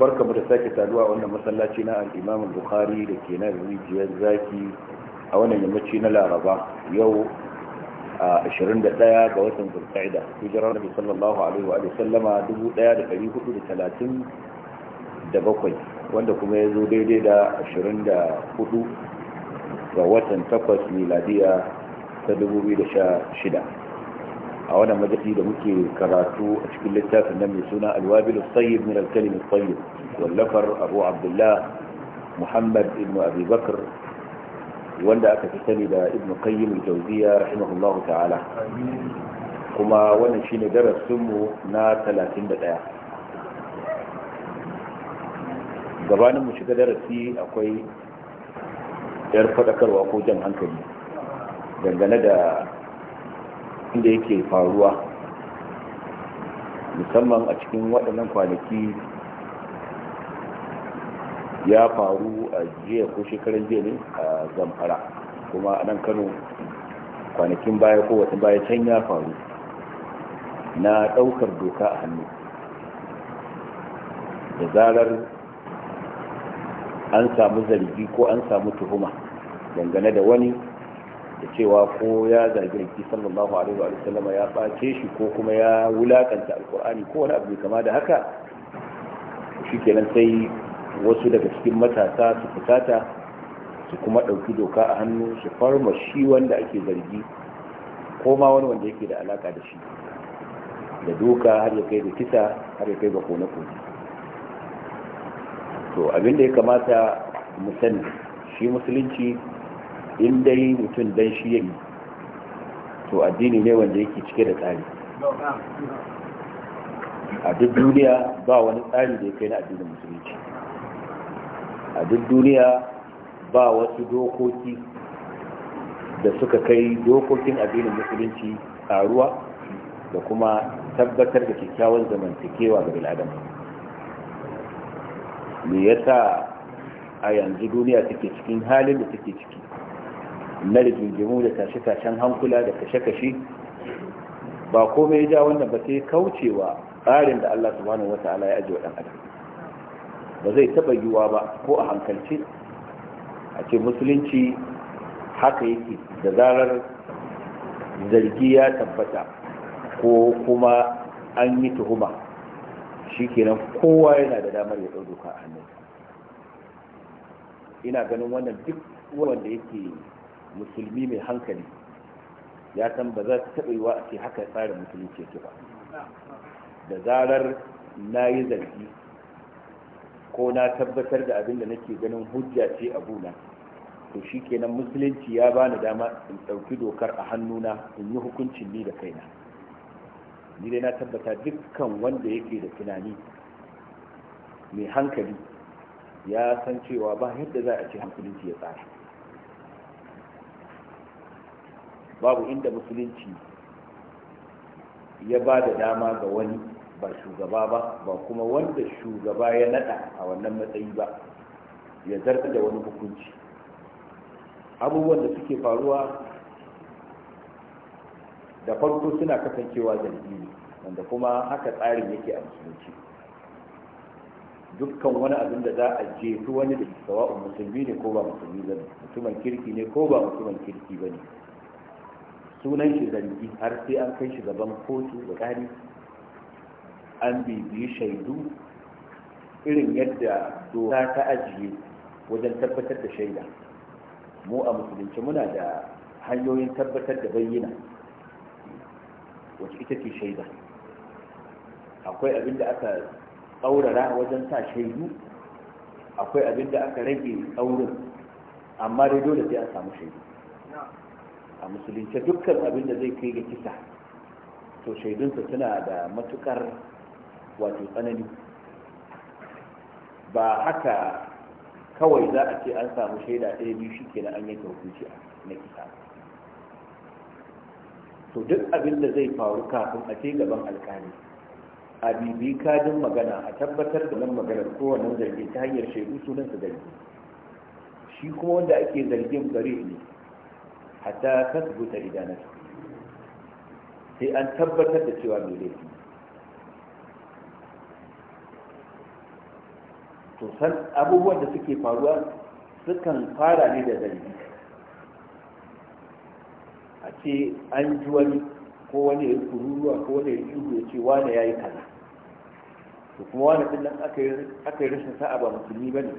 barka mu da sake saduwa wannan masallaci na al-imam bukhari da ke na rijiyar zaki a wannan yammaci na laraba yau a 21 ga watan zulqa'ida hijirar nabi sallallahu alaihi wa sallama 1437 wanda kuma ya zo daidai da 24 ga watan takwas miladiya ta 2016 a wannan majalisi da muke karatu a cikin littafin nan mai suna alwabil tsayyib min alkalim tsayyib wallafar abu abdullah muhammad ibn abi bakr wanda aka fi sani da ibn qayyim al-jawziya rahimahullah ta'ala kuma wannan shine darasin mu na 31 gabanin mu shiga darasi akwai yar fadakarwa ko jan hankali dangane da inda yake faruwa musamman a cikin waɗannan kwanaki ya faru a jiya ko shekarun jiya ne a zamfara kuma a nan kano kwanakin baya ko wata baya can ya faru na ɗaukar doka a hannu da zarar an samu zargi ko an samu tuhuma dangane da wani da cewa ko ya zagi rikki sallallahu alaihi wa sallam ya bace shi ko kuma ya wulakanta alkur'ani ko wani abu kama da haka kenan sai wasu daga cikin matasa su fitata su kuma ɗauki doka a hannu su farma shi wanda ake zargi ko ma wani wanda yake da alaka da shi da doka har ya kai da kisa har ya kai ga kone-kone to abinda ya kamata mu sani shi musulunci in dai mutum dan shi ya yi to addini ne wanda yake cike da tsari a duk duniya ba wani tsari da ya kai na addinin musulunci a duk duniya ba wasu dokoki da suka kai dokokin addinin musulunci a ruwa da kuma tabbatar da kyakkyawan zamantakewa ga bil'adama me sa a yanzu duniya take cikin halin da take ciki na rigingimu da tashe-tashen hankula da kashe-kashe ba komai ya ja wannan ba sai kaucewa tsarin da Allah subhanahu ala ya ajiye wa adam ba zai taba yiwa ba ko a hankalci a ce musulunci haka yake da zarar zargi ya tabbata ko kuma an yi tuhuma shikenan kowa yana da damar ya ɗau doka a hannun ina ganin wannan duk wanda yake musulmi mai hankali ya san ba za ta taɓa yiwa a ce haka tsarin musulunci yake ba da zarar na yi zargi ko na tabbatar da abin da nake ganin hujja ce a buna to shi kenan musulunci ya bani dama in ɗauki dokar a hannuna in yi hukuncin ni da kaina ni dai na tabbata dukkan wanda yake da tunani mai hankali ya san cewa ba yadda za a ce hankulinci ya tsara babu inda musulunci ya ba da dama ga wani ba shugaba ba ba kuma wanda shugaba ya nada a wannan matsayi ba ya zarta da wani hukunci abubuwan da suke faruwa da farko suna kasancewa zargi ne wanda kuma haka tsarin yake a musulunci dukkan wani abin da za a jefi wani da sawa'un musulmi ne ko ba musulmi ba ne mutumin kirki ne ko ba mutumin kirki ba ne sunan shi zargi har sai an kai shi gaban kotu da ƙari an bibiyi shaidu irin yadda doka ta ajiye wajen tabbatar da shaida mu a musulunci muna da hanyoyin tabbatar da bayyana wacce ita ce shaida akwai abin da aka tsaurara wajen sa shaidu akwai abin da aka rage tsaurin amma dai dole sai an samu shaidu a musulunce dukkan abin da zai kai ga kisa to shaidunsa suna da matukar wato tsanani ba haka kawai za a ce an samu shaida ɗaya biyu shi kenan an yanke hukunci na kisa to duk abin da zai faru kafin a ce gaban alkali a bibi kajin magana a tabbatar da nan maganar kowane zargi ta hanyar shaidu sunan su zargi shi kuma wanda ake zargin gare ne hatta tasbuta idanatu sai an tabbatar da cewa mai laifi to san abubuwan da suke faruwa sukan fara ne da zargi a ce an ji wani ko wani ya kururuwa ko wani ya yi ya ce wane ya yi kaza to kuma wane din nan aka yi rashin sa'a ba musulmi ba ne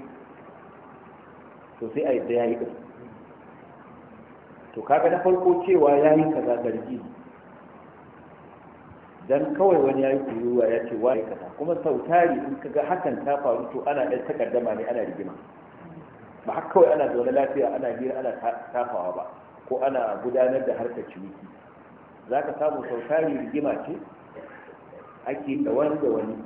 to sai a da ya yi ɗin to kaga na farko cewa ya yi kaza zargi dan kawai wani ya yi kuyuwa ya ce wani kaza kuma sautari in kaga hakan ta faru to ana ɗan takaddama ne ana rigima ba haka kawai ana zaune lafiya ana hira ana tafawa ba ko ana gudanar da harkar ciniki za ka samu sautari rigima ce ake da wani da wani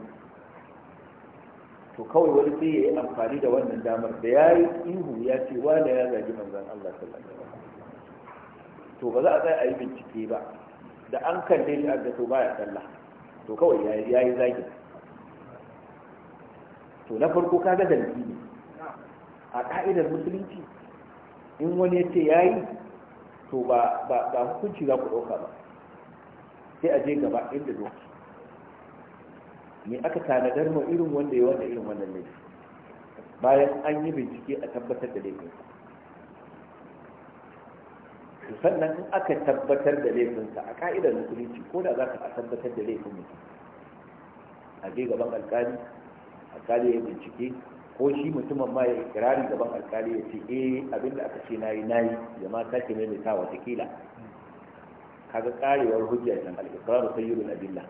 to kawai wani sai ya yi amfani da wannan damar da ya yi ihu ya ce wa da ya zagi manzan Allah sallallahu alaihi wasallam to ba za a tsaya a yi bincike ba da an kalle shi a to baya tsalla to kawai ya yi zagi to na farko ka ga zargi ne a ka'idar musulunci in wani ya ce ya yi to ba hukunci za ku ɗauka ba sai a je gaba inda doki me aka tanadar ma irin wanda ya wanda irin wannan laifi bayan an yi bincike a tabbatar da laifin sannan in aka tabbatar da laifinsa a ka'idar musulunci ko da za ka a tabbatar da laifin mutum a je gaban alkali alkali ya bincike ko shi mutumin ma ya ikirari gaban alkali ya ce eh abinda aka ce nayi nayi ya ma sake maimaita wata kila kaga karewar hujja can al-iqraru sayyidul adilla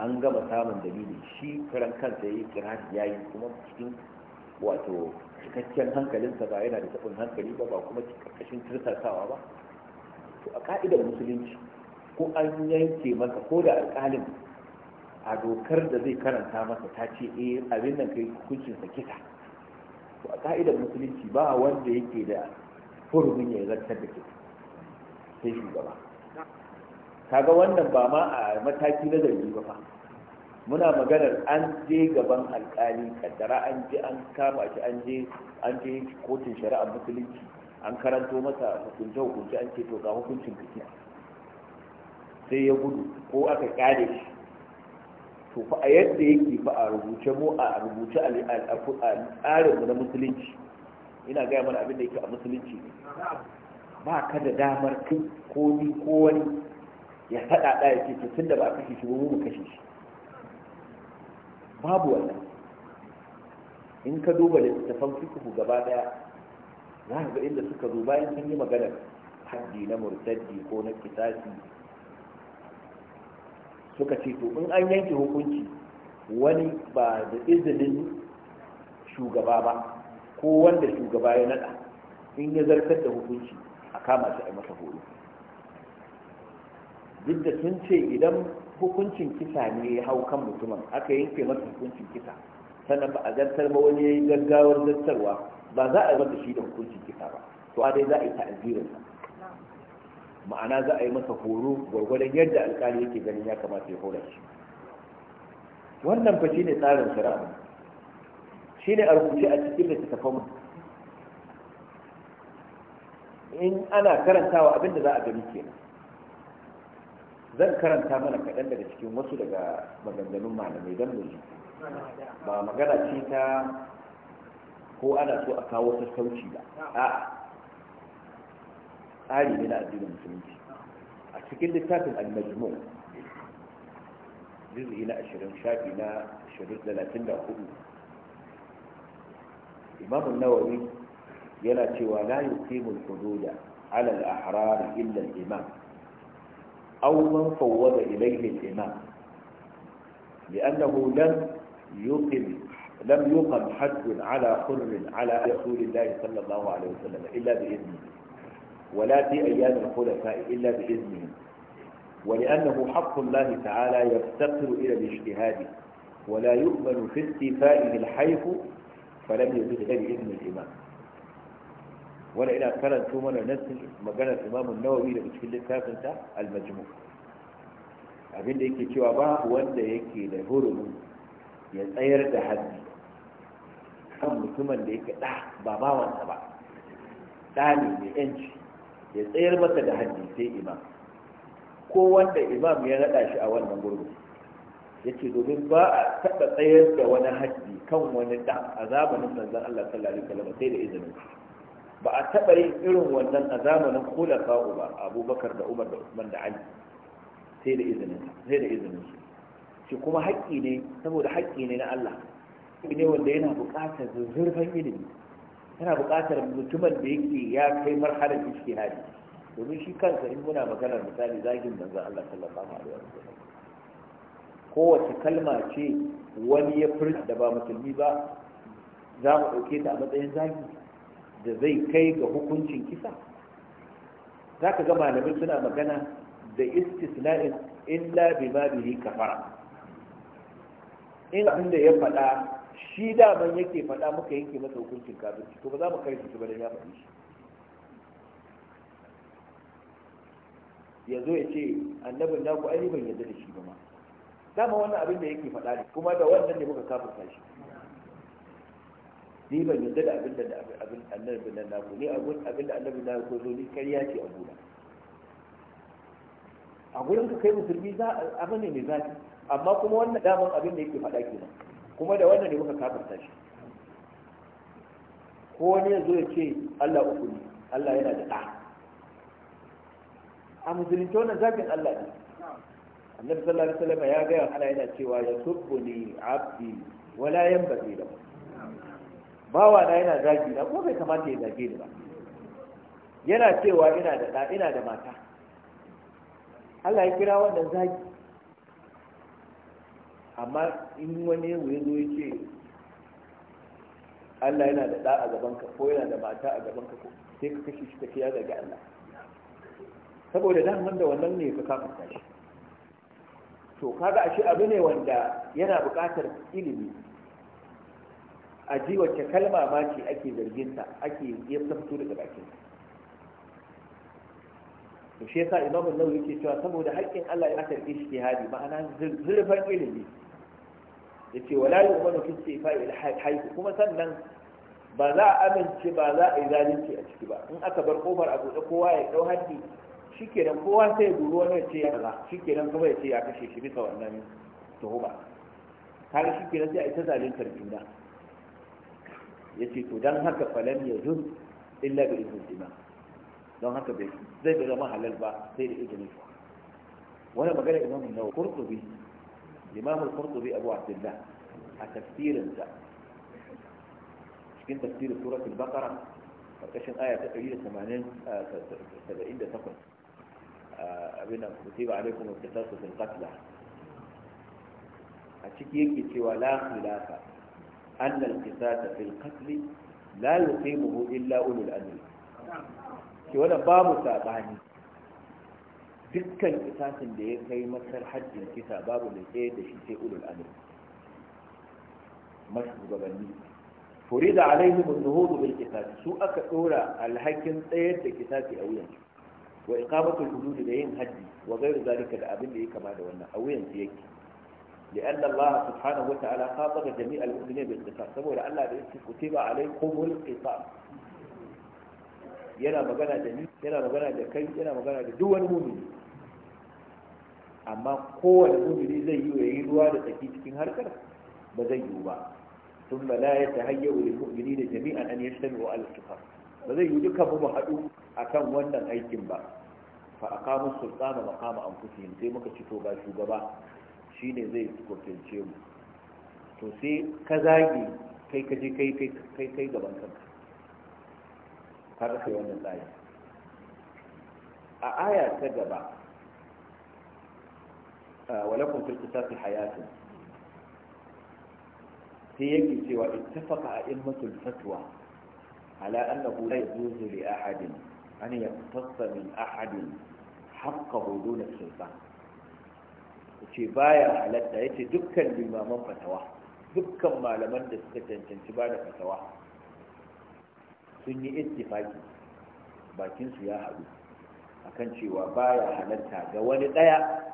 an gama samun dalili shi karan kansa yayi kirari yayi kuma cikin wato cikakken hankalinsa ba yana da tabin hankali ba ba kuma cikakken tirsasawa ba to a ka'idar musulunci ko an yanke masa ko da alƙalin a dokar da zai karanta masa ta ce eh abin nan kai hukuncinsa kisa to a ka'idar musulunci ba wanda yake da hurumin ya zartar da ke, sai shugaba kaga wannan ba ma a mataki na zargi ba fa muna maganar an je gaban alkali kaddara an je an kama shi an je an je kotun shari'ar musulunci an karanto masa hukunce hukunce an ce to ga hukuncin kake sai ya gudu ko aka kare shi to fa a yadda yake fa a rubuce mu a rubuce a tsarin na musulunci ina gaya mana abin da yake a musulunci ba ka da damar kai ko ni ko wani ya haɗa ɗaya ya ce tun da ba a kashe shi mu kashe shi babu wannan in ka duba littattafan fikihu gaba ɗaya za ka ga inda suka zo bayan sun yi maganar haddi na murtaddi ko na kitasi suka ce to in an yanke hukunci wani ba da izinin shugaba ba ko wanda shugaba ya nada in ya zartar da hukunci a kama shi a masa horo duk da sun ce idan hukuncin kisa ne ya hau kan mutumin aka yanke masa hukuncin kisa sannan ba a zartar ba wani ya yi gaggawar zartarwa ba za a yi masa shi da hukuncin kisa ba to a dai za a yi ta'azirin ma'ana za a yi masa horo gwargwadon yadda alkali yake ganin ya kamata ya hora shi wannan fa shine tsarin shari'a shine a rubuce a cikin littattafan in ana karantawa abin da za a gani kenan zan karanta mana kaɗan daga cikin wasu daga maganganun malamai don mu ba magana ce ta ko ana so a kawo sassauci ba a tsari ne na addinin musulunci a cikin littafin al-majmu juz'i na ashirin shafi na da 34 imam nawawi yana cewa la yuqimu al-hududa ala al-ahrar illa al-imam aw man fawwada ilayhi al-imam لأنه لم يقم لم يقم حد على حر على رسول الله صلى الله عليه وسلم إلا بإذنه ولا في أيام الخلفاء إلا بإذنه ولأنه حق الله تعالى يفتقر إلى الاجتهاد ولا يؤمن في استيفائه الحيف فلم يزد بإذن الإمام ولا إلى كانت ثم نفس مجانا الإمام النووي لبسكين الكافنة المجموع abin da yake cewa ba wanda yake da hurumin ya tsayar da haddi kan mutumin da yake ɗa ba bawansa ba ɗa ne mai yanci ya tsayar masa da haddi sai imam ko wanda imam ya naɗa shi a wannan gurbin ya ce domin ba a taɓa tsayar da wani haddi kan wani ɗa a zamanin manzan Allah sallallahu alaihi wasallam sai da izinin ba a taɓa yin irin wannan a zamanin kula sa'u ba abubakar da umar da usman da ali sai da izinin sai da izinin shi kuma haƙƙi ne saboda haƙƙi ne na Allah ne wanda yana buƙatar zurfin ilimi yana buƙatar mutumin da yake ya kai marhalar hari domin shi kansa in muna maganar misali zagin za Allah sallallahu alaihi wasallam kowace kalma ce wani ya furta da ba musulmi ba za mu ɗauke ta a matsayin zagi da zai kai ga hukuncin kisa za ka ga malamin suna magana da istisna'in illa bi ma bihi kafara in abin da ya faɗa shi daman yake faɗa muka yanke masa hukuncin kafirci to ba za mu kai shi ba da ya faɗi shi ya zo ya ce annabin naku ai ban yadda da shi ba ma dama wannan abin da yake faɗa ne kuma da wannan ne muka kafirta shi ni ban yadda da abin da abin annabin nan naku ni abin abin da annabin naku zo ni kariya ce a gona a gurin ka kai musulmi za abin ne mai zafi amma kuma wannan daman abin da yake faɗa kenan kuma da wannan ne muka kafarta shi ko wani ya zo ya ce Allah uku ne Allah yana da ɗa a musulunci wannan zafin Allah ne annabi sallallahu alaihi wasallam ya gaya ana yana cewa ya subbu ni abdi wala yanbaghi lahu bawa na yana zagi na ko bai kamata ya zage ni ba yana cewa ina da ɗa ina da mata Allah ya kira wannan zagi amma in wani ya zo ya ce Allah yana da ɗa a ka, ko yana da mata a ka, ko sai ka kashe shi tafiya daga Allah saboda daman da wannan ne ka kafa shi to kaga ashe abu ne wanda yana buƙatar ilimi a ji wacce kalma ma ce ake zargin ta ake ya fito daga bakin to shi yasa imamu nawawi yake cewa saboda haƙƙin Allah ya aka shi ke hadi ma'ana zurfan ilimi yace wala yu'minu fi istifa'i al haihu. kuma sannan ba za a amince ba za a yi zalunci a ciki ba in aka bar kofar a buɗe kowa ya dau haddi shikenan kowa sai ya duro wani ya ce ya kaza shikenan kuma ya ce ya kashe shi bisa wannan tuhuma kaga shikenan sai a ita zaluntar juna yace to don haka falan ya juz illa ga iznil imam don haka bai zai bai zama halal ba sai da izinin Wani magana imamu nawawi qurtubi imam al-qurtubi abu abdullah a tafsirin sa cikin tafsirin surat al-baqara karkashin aya ta 178 abin da kutiba alaikum al-qisasu fil qatl a ciki yake cewa la khilafa أن القساس في القتل لا يقيمه إلا أولو الأمر كي وانا باب dukkan kisasin da ya kai masar hajjin kisa babu mai tsaye da shi sai ulul amir mashugabanni furida alaihi bin nuhudu bil kisasi su aka dora alhakin tsayar da kisasi a wuyan wa iqamatul hudud da yin hajji? wa ghairu zalika da abin da ya kama da wannan a wuyan su yake لأن الله سبحانه وتعالى خاطب جميع المؤمنين بالقصاص سبب الله كتب عليكم القصاص yana magana da ni yana magana da kai yana magana da duk wani mumini amma kowane mumini zai yi yayi ruwa da tsaki cikin harkar ba zai yiwu ba sun ba la ya tahayya wa mu'mini da jami'an an yashtami wa al ba zai yiwu duka mu haɗu akan wannan aikin ba fa aqamu sultana maqama anfusihim sai muka ci ba shugaba shine zai kurtince mu to sai ka zagi kai ka je kai kai kai gaban kanka ka rasa wannan tsari a aya ta gaba ولكم في القصاص حياة sai yake cewa ittafaqa a'immatul fatwa ala annahu la yajuzu li ahadin an yaqtassa min ahadin haqqahu duna sultan yace baya halatta yace dukkan limaman fatawa dukkan malaman da suka cancanci ba da fatawa sun yi ittifaki bakin su ya haɗu akan cewa baya halatta ga wani ɗaya.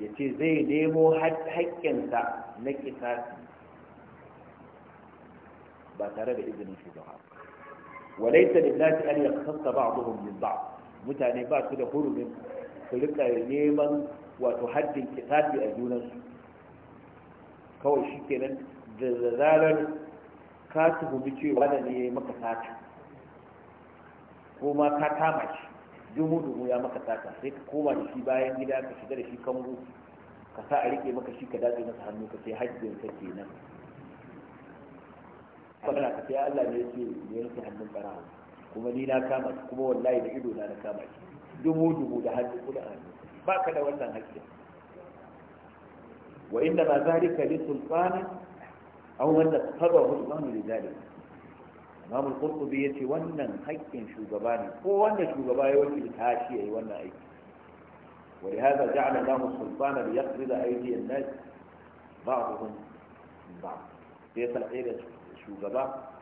ya ce zai nemo haƙƙinsa na kisasi ba tare da izinin shugaba walaita lillahi an a ba'dhum min ba, mutane ba su da hurumin su rika neman wato haddin kisasi a junansu kawai shikenan da zarar ka tuhumi cewa da ne maka sata ko ma ka kama shi jumudu ya maka sata sai ka koma da shi bayan gida ka shiga da shi kango ka sa a rike maka shi ka dace masa hannu ka sai hajjin ka kenan kana ka sai Allah ne yake ne yake hannun barawo kuma ni na kama shi kuma wallahi da ido na na kama shi dubu dubu da hannu kula hannu ba ka da wannan hakki wa inda ma zalika li sultana aw wanda tabahu Allah li zalika imam al-qurtubi yace wannan haƙƙin shugaba ne ko wanda shugaba ya wuce tashi yayi wannan aiki wa hada ja'ala lahu sultana li yaqrid aydi an-nas ba'dhum ba'd sai sa sai da shugaba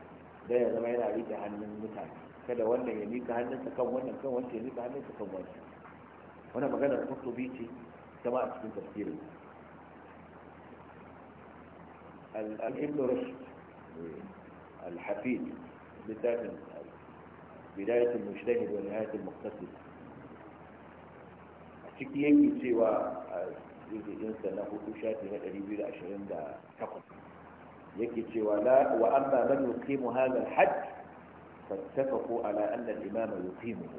da ya zama yana rike hannun mutane kada wannan ya mika hannunsa kan wannan kan wancan ya mika hannunsa kan wancan wannan maganar qurtubi ce kama a cikin tafsirin al-ibn rushd الحفيد littafin bidayatul mushtahid wa nihayatul muqtasid a ciki yake cewa a jirginsa na hudu shafi na 228 yake cewa la wa amma man yuqimu hadha al-hajj fattafaqu ala anna al-imam yuqimuhu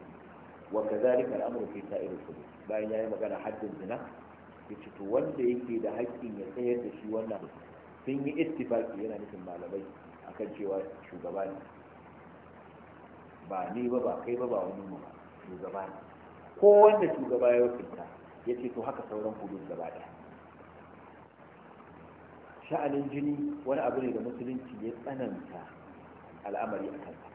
wa kadhalika al-amru fi sa'ir al-hudud bayan yi magana haddin zina yace to wanda yake da haƙƙin ya tsayar da shi wannan sun yi ittifaki yana nufin malamai akan cewa shugaba ne ba ni ba ba kai ba ba wani mu ba shugaba ne ko wanda shugaba ya wakilta ya ce to haka sauran hudu gaba ɗaya sha'anin jini wani abu ne da musulunci ya tsananta al'amari a kansa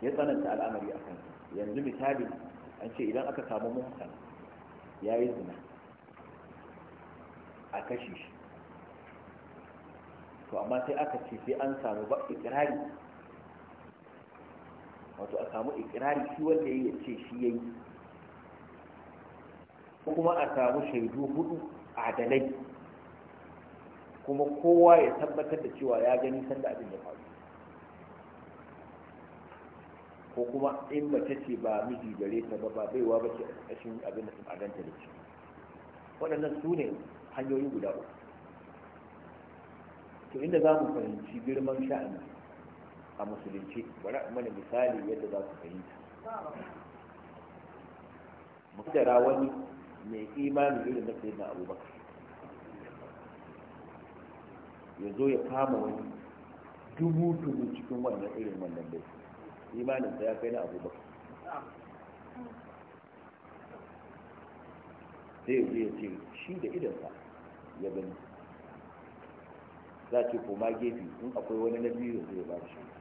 ya tsananta al'amari a kansa yanzu misali an ce idan aka samu muhsan ya yi zina a kashe shi to amma sai aka ce sai an samu ba ikirari wato a samu ikirari shi wanda ya ce shi ya yi kuma a samu shaidu hudu adalai kuma kowa ya tabbatar da cewa ya gani sanda abin ya faru ko kuma in mace ce ba miji gare ta ba ba baiwa ba ce a ƙarƙashin abin da a ganta da shi waɗannan su ne hanyoyi guda uku to inda za mu fahimci girman sha'ani a musulunci bari a mana misali yadda za su fahimta mutara wani mai imani irin na sayyidina abubakar ya zo ya kama wani dubu dubu cikin wannan irin wannan bai imaninsa ya kai na abubakar sai ya zai ce shi da idansa ya gani za ce koma gefe in akwai wani na biyu ya zai ba shi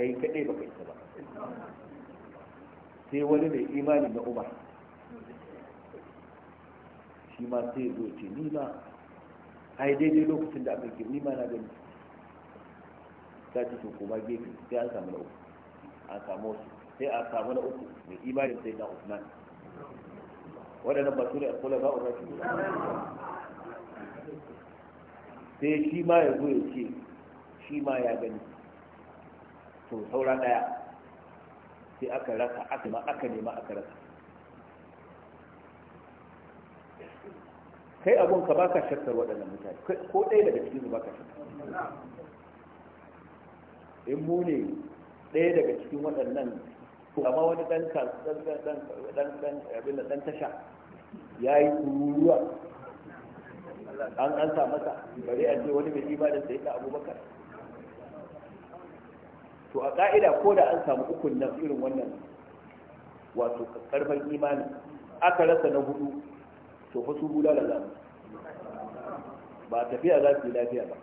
kai kaɗai ba kai ba sai wani mai imani na umar shi ma sai zo ce ni ma ai daidai lokacin da aka ke ni ma na gani ta ce sun koma gefe sai an samu na uku a samu wasu sai a samu na uku mai imanin sai na usman waɗannan ba su ne kula ba a sai shi ma ya zo ya ce shi ma ya gani to saura daya sai aka rasa aka ma aka nema aka rasa kai abun ka baka shakkar waɗannan mutane ko ɗaya daga cikin su baka shakkar in mu ne ɗaya daga cikin waɗannan amma wani ɗan tasha ya yi kururuwa an an sa masa bari a ce wani mai imanin da ya ta abubakar to a ka'ida ko da an samu ukun nan irin wannan wato karfan imani aka rasa na hudu to fa su da zamu ba tafiya za su yi lafiya ba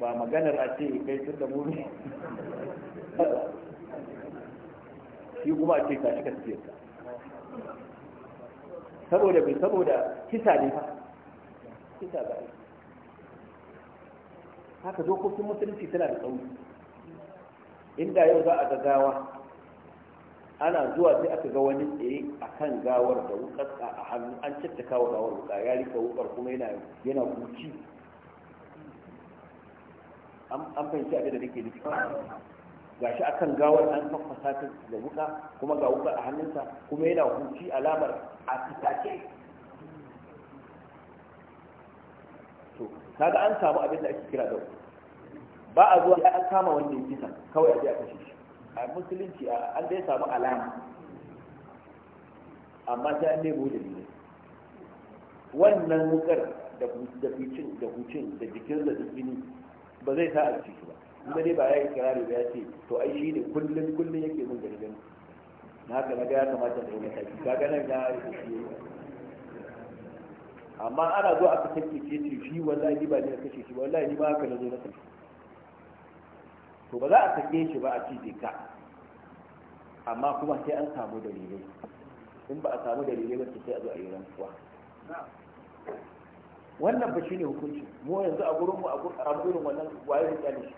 ba maganar a ce kai tun da muni shi kuma a ce ka shiga tafiyarsa saboda bai saboda kisa ne fa kisa ba haka dokokin musulunci tana da tsauni. inda yau za a ga gawa ana zuwa sai aka ga wani tsaye a kan gawar da wukar a hannu an cikta kawo gawar wuka ya rika wukar kuma yana yana an fahimci abin da nake nufi a akan gawar an fafasa ta da wuka kuma ga wuka a hannunsa kuma yana huci alamar a fitace to kaga an samu abin da ake kira da wuka ba a zuwa an kama wanda ya kisa kawai a je a kashe shi a musulunci an dai samu alama amma sai an nemo da ne wannan wukar da hucin da hucin da jikin da jini ba zai sa a ci shi ba kuma dai ba ya yi kirari ba ya ce to ai shi ne kullum kullum yake mun gani gani na haka na ga ya kamata da wani taki ga ganin ya yi amma ana zuwa aka kake ce shi wallahi ba ne na kashe shi wallahi ba haka na zo na kashe to ba za a sake shi ba a cije ka amma kuma sai an samu dalilai in ba a samu dalilai ba sai a zo a yi rantsuwa wannan ba shine hukunci mu yanzu a gurin mu a gurin wannan waye ne kyale shi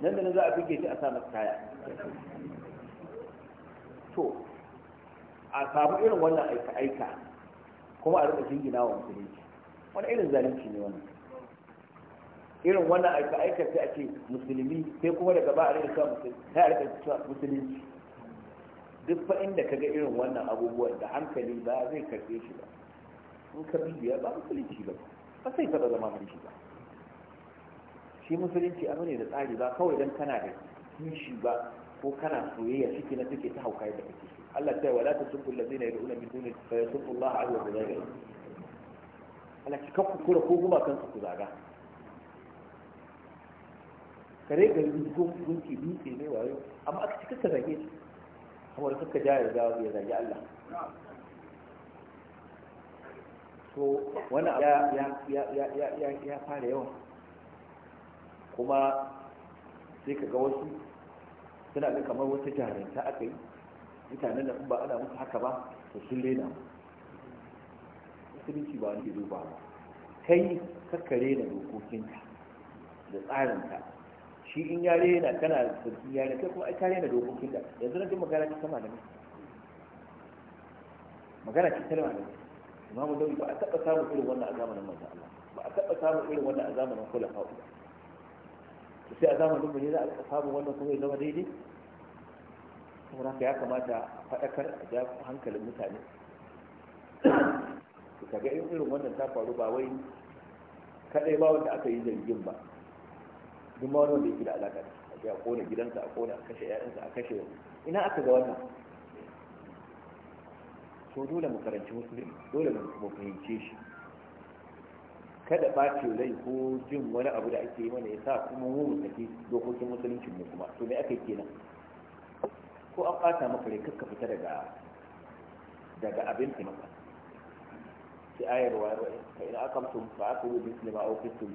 nan da nan za a bige shi a sa masa kaya to a samu irin wannan aika aika kuma a rika jingina wa musulunci wani irin zalunci ne wannan irin wannan aika aika sai ake musulmi sai kuma daga ba a rika cewa musulmi sai a rika cewa musulunci duk fa inda ga irin wannan abubuwan da hankali ba zai karbe shi ba in ka bibiya ba musulunci ba ba sai ka zama mulki ba shi musulunci abu ne da tsari ba kawai dan kana da kishi ba ko kana soyayya ciki na take ta hauka da kake so Allah ta wala ta tubu allazina yad'una min duni fa yasubbu Allah azza wa jalla Allah ki kakku kura ko kuma kansu ku zaga kare gari gunki dutse ne wayo amma aka cika ka zage shi kamar suka ja ya ya zage Allah to wani ya ya ya ya ya ya fara yawa kuma sai ka ga wasu suna ga kamar wata jarinta aka yi mutanen da ba ana musu haka ba to sun rena sun ci ba wani duba ba kai kakkare da dokokinka da tsarinka shi in ya rena kana sarki ya rena kuma ai ka rena dokokin da yanzu na jin magana sama da mai magana sama da mai imamu dawi ba a taɓa samun irin wannan a zamanin manzo Allah ba a taɓa samun irin wannan a zamanin khulafa ba sai a zamanin mu ne za a samun wannan kuma ya zama daidai saboda haka ya kamata a faɗakar a ja hankalin mutane ka ga irin wannan ta faru ba wai kadai ba wanda aka yi zargin ba duk ma wanda yake da alaka da a ce a kone gidansa a kone a kashe yaransa a kashe ina aka ga wannan to dole mu karanci musulmi dole mu fahimce shi kada ɓacin rai ko jin wani abu da ake yi mana ya sa kuma mu mu saki dokokin musuluncin mu kuma to me aka yi kenan ko an fata maka rai kakka fita daga daga abin ki maka sai ayar wa fa in aqamtum fa aqulu bi ma aw kuntum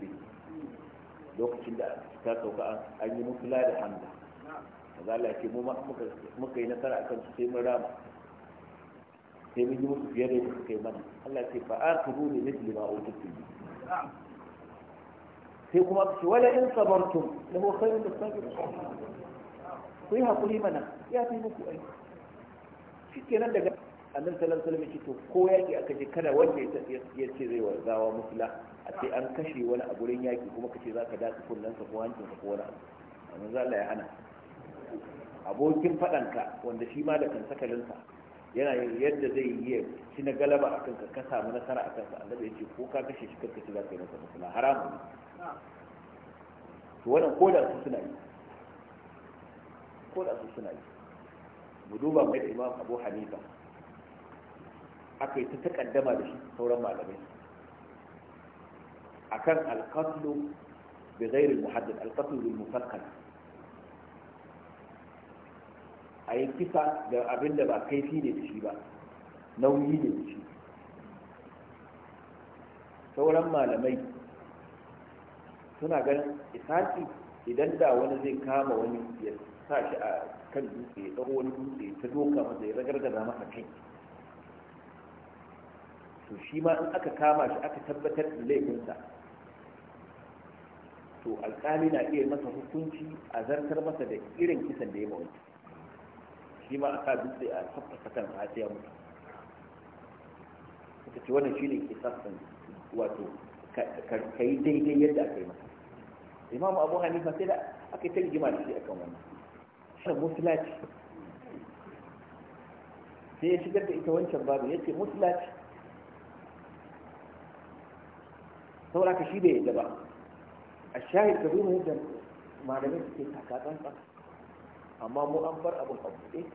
lokacin da ta sauka an yi mutula da hamda maza Allah mu muka yi nasara akan su sai mun rama sai mun yi musu fiye da yadda suka yi mana Allah ce fa akibu ne misli ma ututu sai kuma su wala in sabartum la huwa da lisabirin ku yi hakuri mana ya fi muku aiki shikenan daga annabi sallallahu alaihi wasallam to ko yaki aka je kada wanda ya ce zai warzawa musula a ce an kashe wani a gurin yaki kuma kace zaka daka kullun sa ko hancin sa ko wani abu amma Allah ya hana abokin fadan ka wanda shi ma da kan sakalin sa yana yadda zai yi shi na galaba akan ka ka samu nasara akan sa annabi ya ko ka kashe shi kanka ce zaka yi masa musula haramun to wannan ko da su suna yi ko da su suna yi mu duba mai imam abu hanifa aka yi ta takaddama da shi sauran malamai akan alqatlu bi ghairi muhaddad alqatlu bil mufakkal ayi kisa da abin da ba kaifi ne da shi ba nauyi ne da shi sauran malamai suna ganin isaki idan da wani zai kama wani ya sa shi a kan dutse ya tsawo wani dutse ta doka masa ya ragargaza masa kai to shi ma in aka kama shi aka tabbatar da laifinsa to alƙali na iya masa hukunci a zartar masa da irin kisan da ya mawanci shi ma a sa dutse a tabbata kan hasiya mutu ita ce wannan shi ne kisan wato ka yi daidai yadda aka yi masa imamu abu hanifa sai da aka yi ta rigima da shi a kan wannan shan musulaci sai ya shigar da ita wancan babu ya ce musulaci saboda ka shi bai yadda ba a shahid ka duba yadda malamai suke taka tsantsan amma mu an bar abin a buɗe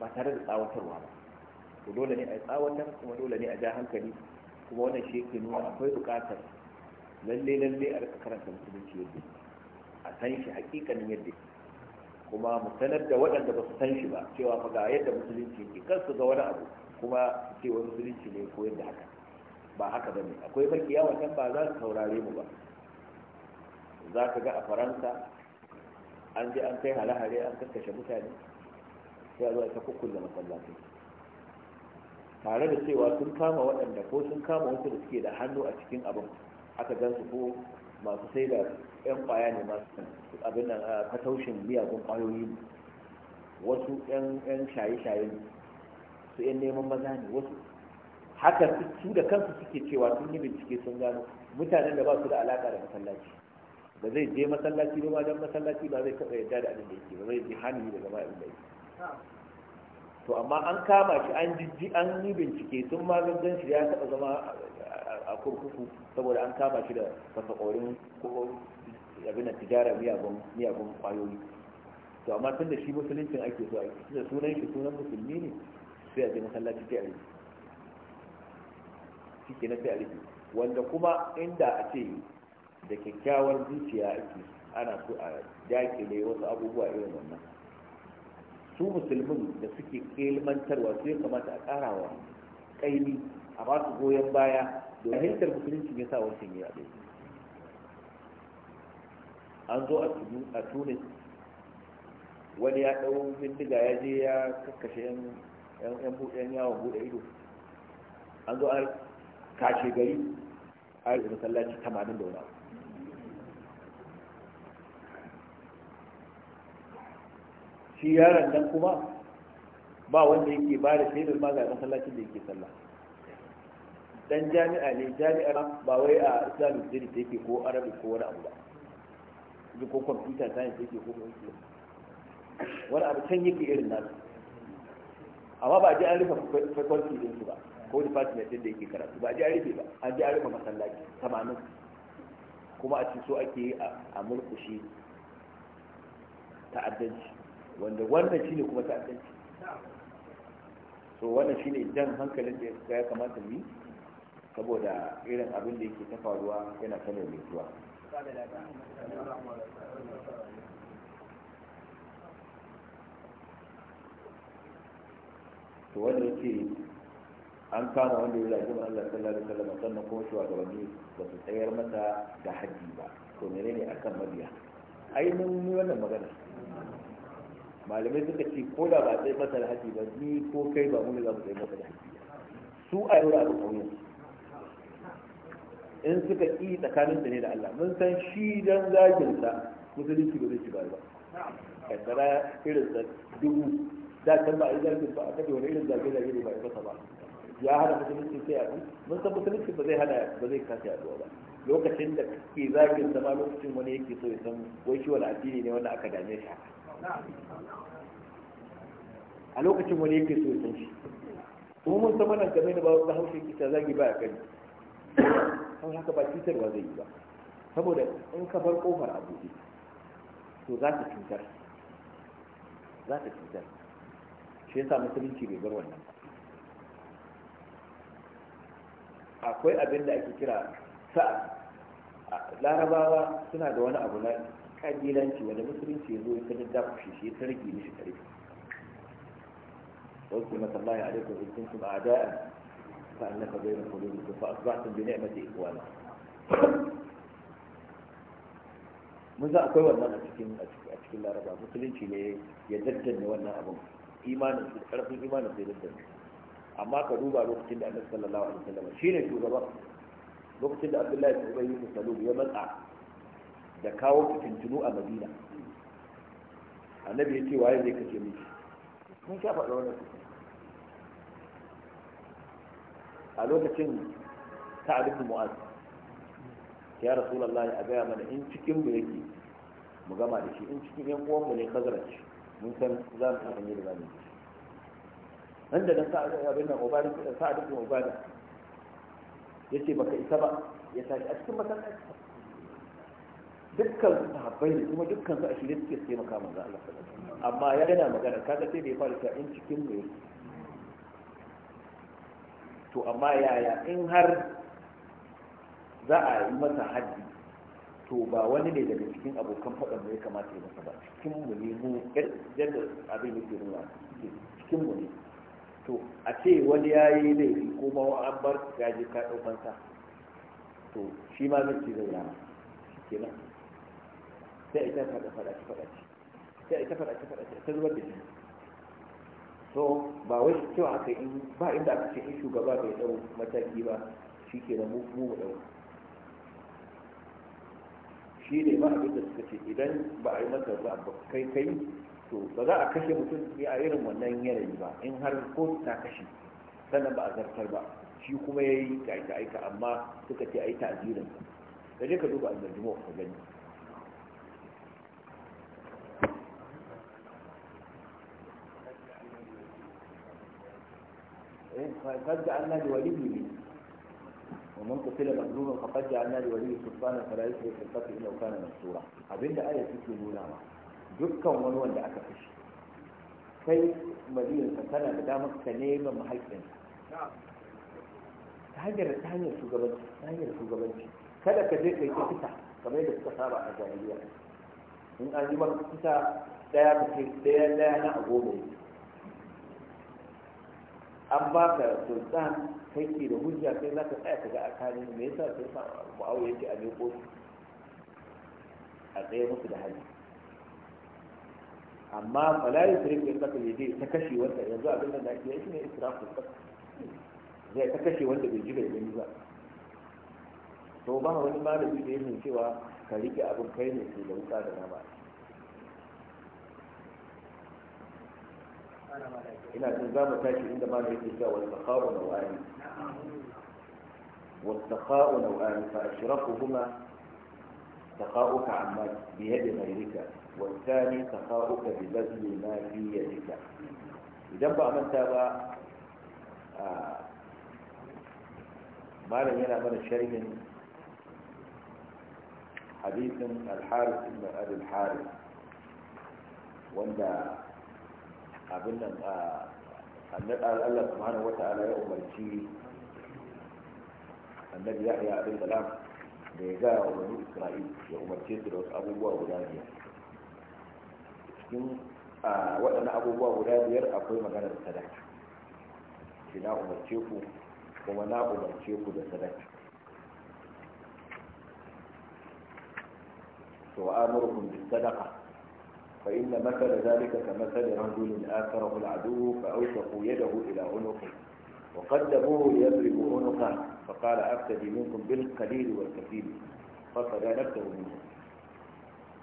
ba tare da tsawatarwa ba to dole ne a yi tsawatar kuma dole ne a ja hankali kuma wannan shi ke nuna akwai buƙatar lalle lalle a rika karanta musulunci yadda a san shi hakikanin yadda kuma mu sanar da waɗanda ba su san shi ba cewa fa ga yadda musulunci yake kan su ga wani abu kuma cewa musulunci ne ko yadda haka ba haka ne akwai yawa wannan ba za su saurare mu ba za ka ga a faransa an je an kai hare an kakkashe mutane sai a zo ta kukkulle masallaci tare da cewa sun kama waɗanda ko sun kama wasu da suke da hannu a cikin abin aka gan su ko masu sai da 'yan kwaya ne masu abin nan ah, fataushin miyagun kwayoyi wasu 'yan shaye-shaye su 'yan neman maza ne wasu haka su da kansu suke cewa sun yi bincike sun gano mutanen da ba su da alaka da masallaci ba zai je masallaci ba don masallaci ba zai taɓa yadda da abin da yake ba zai je hannu daga ba abin da yake to amma an kama shi an jijji an yi bincike sun ma gangan shi ya taɓa zama a kurkuku saboda an kama shi da fasakorin ko abin tijara miyagun kwayoyi to amma tun da shi musuluncin ake so ake sunan shi sunan musulmi ne sai a je masallaci sai a yi shike na sai wanda kuma inda a ce da kyakkyawar zuciya ake ana so a dakile wasu abubuwa irin wannan su musulmin da suke ilmantarwa su ya kamata a karawa kaimi a ba su goyon baya domin hintar musulunci ya sa wancan ya ɗaya an zo a tunis wani ya ɗau bindiga ya je ya kakkashe yan yawon buɗe ido an zo kashe gari a yi masallaci tamanin da shi yaron nan kuma ba wanda yake ba da shaidar ma ga masallacin da yake sallah dan jami'a ne jami'ar ba wai a islamic da yake ko arabi ko wani abu ba yi ko kwamfuta computer science yake ko wani wani abu can yake irin nasu amma ba a je an rufe faculty din su ba ko department din da yake karatu ba a ji rufe ba an ji an rufe masallaci tamanin kuma a ci so ake yi a murkushe ta'addanci wanda wannan shine kuma ta'addanci so wannan shine jan hankalin da ya kamata mu yi saboda irin abin da yake ta faruwa yana ta mai zuwa to wanda yake an kama wanda ya zagi Allah sallallahu alaihi wasallam sannan kuma shugabanni ba su tsayar mata da haji ba to menene akan mabiya ai mun yi wannan magana malamai suka ce ko da ba sai mata da haji ba ni ko kai ba ne za mu tsayar mata da haji su a yau da abin kauyen in suka ƙi tsakanin ne da Allah mun san shi dan zagin sa musulunci ba zai ci ba kaddara irin sa dubu da kan ba a yi zagin ba a kaɗe wani irin zage-zage ne ba a yi ba ya hana musulunci sai abu mun san musulunci ba zai hana ba zai kasa yaduwa ba lokacin da ke zagin zama lokacin wani yake so ya san wai shi wani addini ne wanda aka dame shi haka a lokacin wani yake so ya san shi kuma mun san wannan game da ba wani haushin kisa zagi ba a kan kawai haka ba cutarwa zai yi ba saboda in ka bar kofar a buɗe to za ta cutar za ta cutar shi yasa musulunci bai bar wannan ba akwai abin da ake kira sa'a larabawa suna da wani abu na kabilanci wanda musulunci ya zo ya sanin da kushe shi ta rage mishi karfi wasu masallahi alaikum in a a'da'an fa annaka bayna qulubikum fa asbahtum bi ni'mati ikwana mun za akwai wannan a cikin a cikin laraba musulunci ne ya daddanne wannan abun imanin su karfin imanin ya daddanne amma ka duba lokacin da annabi sallallahu alaihi wasallam shine shugaban lokacin da abdullahi bin ubay bin salul ya matsa da kawo fitintunu a madina annabi ya ce waye zai kace miki mun sha faɗa wannan a lokacin sa'ad ibn mu'az ya rasulullahi a gaya mana in cikin mu yake mu gama da shi in cikin yan uwan mu ne kazarci mun san za mu san yadda za mu yi nan da nan sa'ad abin nan ubadin sa'ad ibn ya yace baka isa ba ya tashi a cikin masallaci dukkan su sahabbai ne kuma dukkan su a shirye suke su taimaka manzo Allah amma ya gana magana kaga sai da ya fara in cikin mu to amma yaya in har za a yi masa haddi to ba wani ne daga cikin abokan faɗan mu ya kamata ya masa ba cikin mu ne mu yadda abin yake nuna cikin mu ne to a ce wani ya yi laifi kuma an bar gaji ka ɗaukansa to shi ma zai ci zai rama shi nan sai ita faɗa faɗa ci faɗa ci sai ita faɗa ci faɗa ci ta zubar da shi so ba wai cewa aka in ba inda aka ce in shugaba bai ɗau mataki ba shi ke nan mu mu ɗau shi ne ma abin da suka ce idan ba a yi masa ba kai kai to ba za a kashe mutum ne a irin wannan yanayi ba in har ko ta kashe sannan ba a zartar ba shi kuma ya yi ka aika aika amma suka ce a yi ta'azirin ka je ka duba al-majmu ka gani قد جعلنا لوليه ومن قتل مظلوما فقد جعلنا لوليه سلطانا فلا يسرق في القتل الا وكان منصورا abinda ayat take nuna dukkan wani wanda aka kashe kai mariyarsa tana da damar ka nema mahaifinsa ta hanyar ta hanyar shugabanci ta hanyar shugabanci kada ka je kai ta kisa kamar yadda suka saba a jahiliya in an yi maka kisa daya ka ce daya daya na a goma an ba ka sultan kai ke da hujja kai za ka tsaya ka ga kani, me yasa sai sa mu'awiyar ke a miƙo a tsaye musu da hali amma fala yusrif bil qatl yaje ta kashe wanda yanzu abin da ake yi shine israfu qatl zai ta kashe wanda bai ji bai gani ba to ba wani malami da yake cewa ka rike abin kai ne ke da wuka da nama ina jin za mu tashi inda ma da yake cewa wal taqa'u naw'ani na taqa'u naw'ani fa tsakawa taqa'uka amma da mai ghayrika والثاني سخاؤك ببذل ما في يدك اذا بقى من تابع آه، ما لم من الشرك حديث الحارث بن ابي الحارث وندى ابن آه، الله سبحانه وتعالى يوم الجيل النبي يحيى عبد الغلام بيجاه وبنو اسرائيل يا امر ابو وداديه cikin waɗannan abubuwa guda biyar akwai maganar sadaka shi na umarce ku kuma na umarce ku da sadaka to wa amurkum bis sadaqa fa inna mathala dhalika ka mathali rajulin atharahu al-adu fa awsaqu yadahu ila unuqi wa qaddamuhu yadribu unuqa fa qala abtadi minkum bil qalil wal kathir fa qad naftahu minkum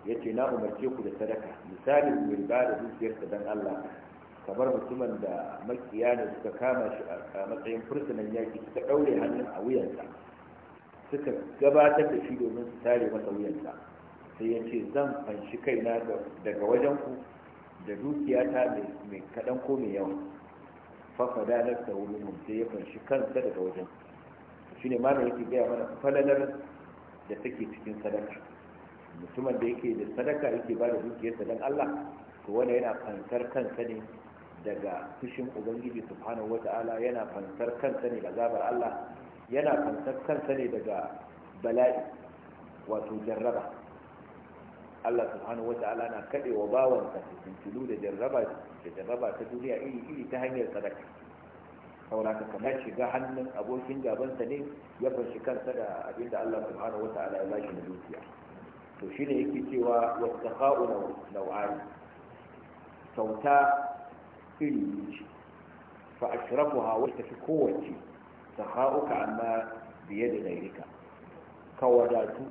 yace na umarce ku da sadaka misalin mai ba da dukiyarta don Allah kamar mutumin da makiya da suka kama shi a matsayin fursunan yaki suka ɗaure hannun a wuyansa suka gabatar da shi domin su tare masa wuyansa sai yace zan fanshi kaina daga wajen ku da dukiyata mai kaɗan ko mai yawa fafada na saurin sai ya fanshi kansa daga wajen shi ne ma yake gaya mana falalar da take cikin sadaka mutumin da yake da sadaka yake ba da dukiyarsa don Allah to wani yana fansar kansa ne daga fushin ubangiji subhanahu wa ta'ala yana fansar kansa ne azabar Allah yana fansar kansa ne daga bala'i wato jarraba Allah subhanahu wa ta'ala na kade wa bawansa tuntilu da jarraba da jarraba ta duniya iri iri ta hanyar sadaka sauraka kamar shiga hannun abokin gabansa ne ya fashi kansa da abinda Allah subhanahu wa ta'ala ya bashi na dukiya to shi ne yake cewa wata ka'u nau'ari kyauta iri ce fa ashrafu hawa ta fi kowace ta ka'uka amma biye da nairika ka wadatu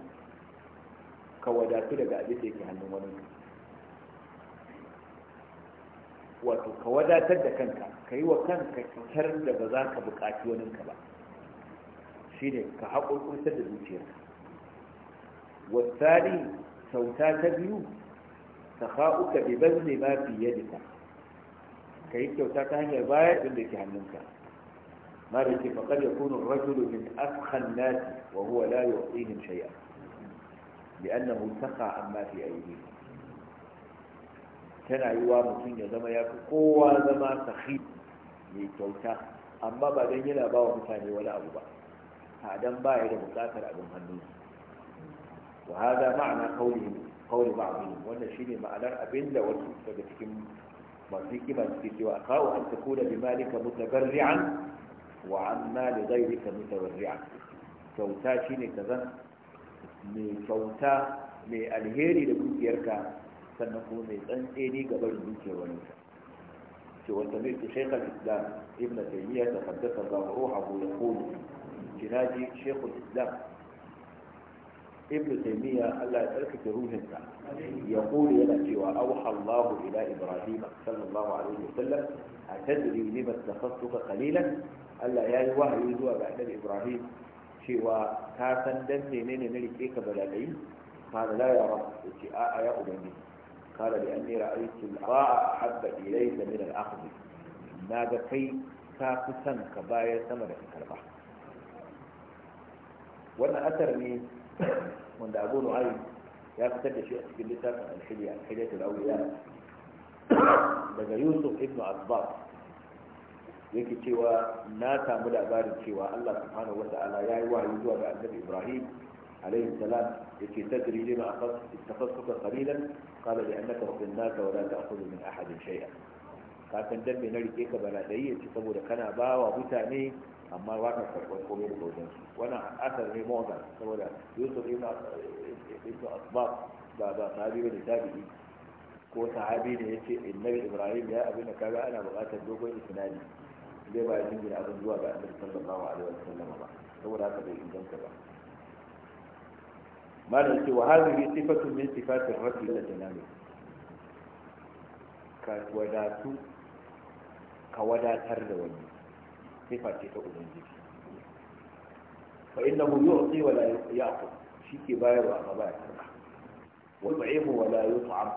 daga abin da yake hannun wani wato ka wadatar da kanka ka yi wa kanka kyar da ba za ka buƙaci waninka ba shi ne ka haƙurƙurtar da zuciyarka والثاني سوتات بيوت سخاؤك ببذل ما في يدك كي سوتات هي باية عندك عنك ما بك فقد يكون الرجل من أسخى الناس وهو لا يعطيهم شيئا لأنه سخى عما في أيديهم كان يوا أيوة مكين زما يا قوة زما سخي يتوتا أما بعدين لا باو مثاني ولا أبو بكر هذا ما يدري بكرة أبو Wahaza ma'ana qawli qawli ba'dihim wanda shine ma'anar abinda wasu daga cikin masu hikima suke cewa akawu an takuna bi malika mutabarri'an wa amma li ghayrika mutawarri'an kyauta shine ka zan mai kyauta alheri da dukiyarka sannan kuma mai tsantseni ga barin dukiyar wani ce wata islam ibn taymiyyah da haddasa ba kulu kinaji shaikh islam ibn taymiya Allah ya tsarkake ruhinsa ya kore yana cewa auha Allah ila ibrahim sallallahu alaihi wasallam atadri lima takhassuka qalilan Allah ya yi wahayi zuwa ga annabi ibrahim cewa ka san dan menene ne rike ka balalai kana la ya rabb ce a a ya ubangiji kana da anni ra'aytu al-ra'a habba ilayka min al na ga kai ka fi san ka bayar sama da ka karba wannan asar ne wanda abu ayi ya fitar da shi a cikin littafin alhiliya alhiliyatul awliya daga yusuf ibn asbab yake cewa na samu labarin cewa Allah subhanahu wata'ala ya yi wahayi zuwa ga annabi Ibrahim alaihi salam yake tadri lima akhadta tafassuka qalilan qala li annaka rabbun nas wa la ta'khudhu min ahadin shay'an kafin dan me na rike ka bala da yace saboda kana ba wa mutane amma ba ka karɓar komai da wajen wannan asar ne mawda saboda yusuf ibn ibn asbab ba ba sahabi ne tabi'i ko sahabi ne yace innabi ibrahim ya abin da kaga ana buƙatar dogon isnadi zai ba jingina abin zuwa ga annabi sallallahu alaihi wasallam ba saboda haka bai inganta ba malam ce wa hazi bi sifatu min sifatir rabbil la tanami ka wadatu ka wadatar da wani sifa ce ta ubangiji fa innahu yu'ti wa la ya'ti shi ke bayarwa ba ba ya karba wa yu'imu wa la yut'am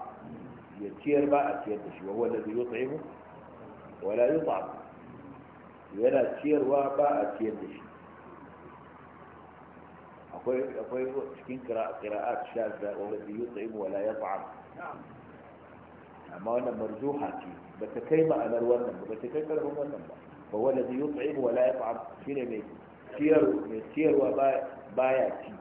ya ciyar ba a ciyar da shi wa huwa alladhi yut'imu wa la yut'am yana ciyarwa ba a ciyar da shi akwai akwai cikin qira'at shadda wa alladhi yut'imu wa la yut'am amma wannan marzuha ce ba ta kai ma'anar wannan ba ba ta kai karfin wannan ba ba wanda zai yi tsaye wala ya fa'am shi ne mai ciyarwa ba ya ci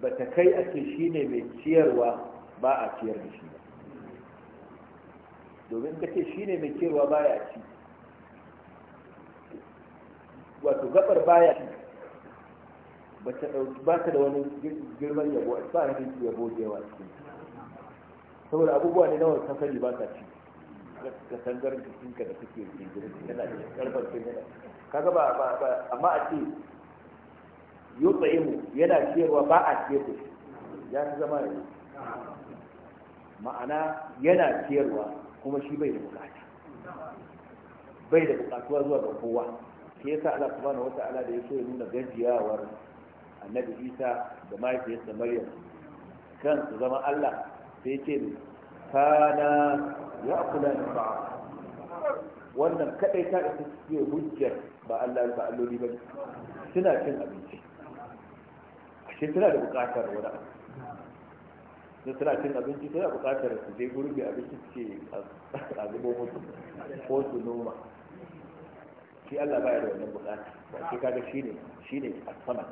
ba ta kai ake shi ne mai ciyarwa ba a ciyar da shi ba domin ka ce shi ne mai ciyarwa ba ya ci wato gabar ba ya ci ba ta da wani girman yabo ba ta da yabo da yawa cikin saboda abubuwa ne na wancan sani ba sa ci ka tangar jikinka da kake jinjirin yana da karfar kin yana kaga ba ba amma a ce mu yana ciyarwa ba a ciyar ku ya fi zama yanzu ma'ana yana ciyarwa kuma shi bai da bukata bai da bukatuwa zuwa ga kowa shi yasa Allah subhanahu wata'ala da ya so ya nuna gajiyawar annabi Isa da mahaifiyarsa Maryam kan su zama Allah sai ce kana ya kula da ba wannan kadai ta isa suke hujjar ba Allah ba ne ba suna cin abinci ashe suna da bukatar wani abu da suna cin abinci suna bukatar su je gurbi abinci suke a zubo musu ko su noma shi Allah ya da wannan bukata ba shi kaga shi shine as-samad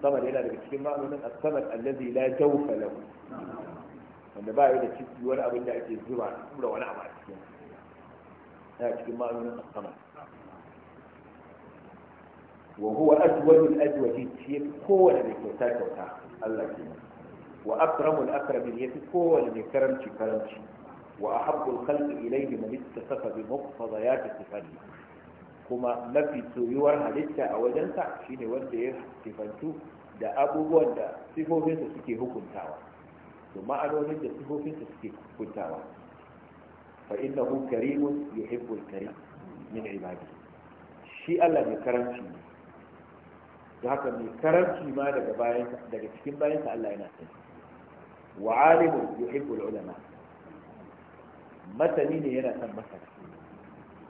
samad yana daga cikin ma'anonin as-samad allazi la jawfa lahu wanda ba da ciki wani abin da ake zuba tura wani abu a cikin yana cikin ma'aunin asama wa huwa ajwadul ajwadi shi kowane mai kyauta kyauta Allah ke wa akramul akramin fi kowane mai karamci karamci wa ahabbul khalqi ilayhi man ittasafa bi muqtadayati sifati kuma mafi soyuwar halitta a wajensa shine wanda ya sifantu da abubuwan da sifofinsa suke hukuntawa to ma'anonin da sifofin su suke kuntawa fa innahu karimun yuhibbul karim min ibadi shi Allah mai karanci ne da haka mai karanci ma daga bayan daga cikin bayan bayansa Allah yana sani wa alimun yuhibbul ulama masani ne yana san masani